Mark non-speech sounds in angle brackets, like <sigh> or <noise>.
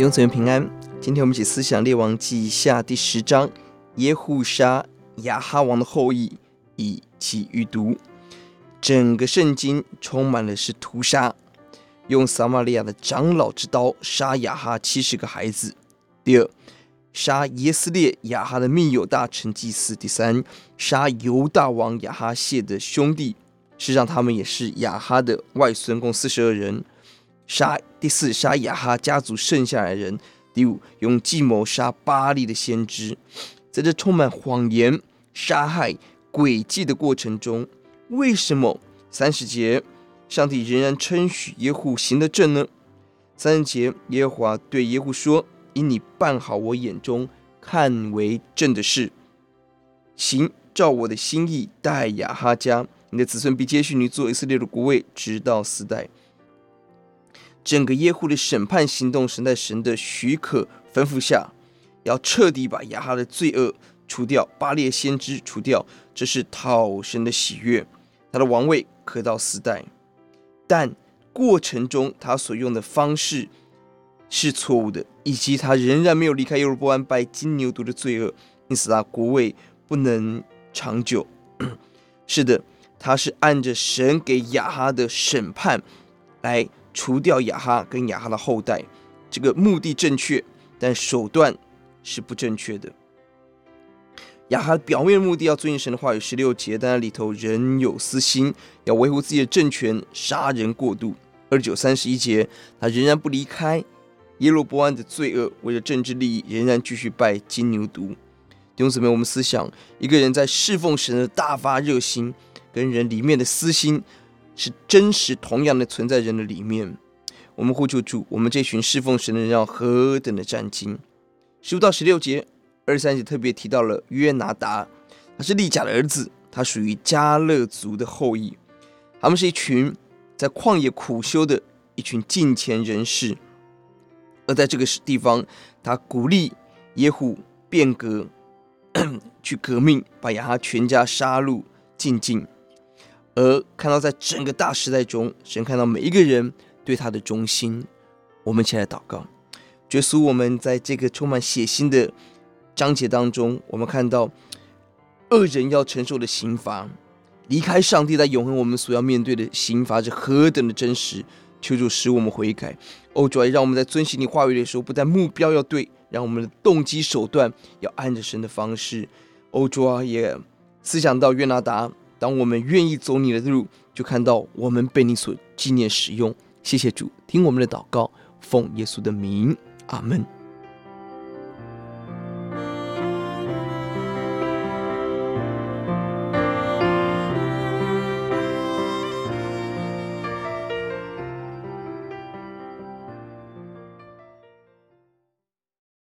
弟兄姊妹平安，今天我們一起思想《列王記》下第十章，耶戶殺亞哈王的後裔以及遺毒。整個聖經充滿了是屠殺，用撒馬利亞的長老之刀殺亞哈七十個孩子。第二，殺耶斯列亞哈的密友大臣祭司。第三，殺猶大王亞哈謝的兄弟，事實上他們也是亞哈的外孫，共四十二人殺。第四，殺亞哈家族剩下來的人；第五，用計謀殺巴力的先知。在這充滿謊言、殺害詭計的過程中，為什麼三十節上帝仍然稱許耶戶行得正呢？三十節耶和華對耶戶說：“以你辦好我眼中看為正的事，行照我的心意待亞哈家，你的子孫必接續你做以色列的國位，直到四代。”整個耶戶的審判行動，神在神的許可吩咐下，要徹底把亞哈的罪惡除掉，巴力先知除掉，這是討神的喜悅。他的王位可到四代，但過程中他所用的方式是錯誤的，以及他仍然沒有離開耶羅波安拜金牛犢的罪惡，因此他國位不能長久。 <coughs> 是的，他是按着神給亞哈的審判來。除掉亞哈跟亞哈的後代，這個目的正確，但手段是不正確的。亞哈表面目的要遵行神的話語十六節，但那裡頭仍有私心，要維護自己的政權，殺人過度。二九三十一節，他仍然不離開耶羅波安的罪惡，為了政治利益，仍然繼續拜金牛犢。弟兄姊妹，我們思想一個人在侍奉神的大發熱心，跟人裡面的私心。是真實同樣的存在人的裡面，我們呼求主，我們這群侍奉神的人要何等的戰兢。十五到十六節，二十三節特別提到了約拿達，他是利甲的兒子，他屬於迦勒族的後裔，他們是一群在曠野苦修的一群近前人士。而在這個是地方，他鼓勵耶戶變革， <coughs> 去革命，把亞哈全家殺戮淨盡。而看到在整個大時代中，神看到每一個人對他的忠心，我們前來禱告。耶穌，我們在這個充滿血腥的章節當中，我們看到惡人要承受的刑罰，離開上帝在永恆，我們所要面對的刑罰是何等的真實，求主使我們悔改。哦主啊，讓我們在遵循你話語的時候，不但目標要對，讓我們的動機手段要按着神的方式。哦主啊，也思想到約拿達。當我們願意走你的路，就看到我們被你所紀念使用。謝謝主，聽我們的禱告，奉耶穌的名，阿門。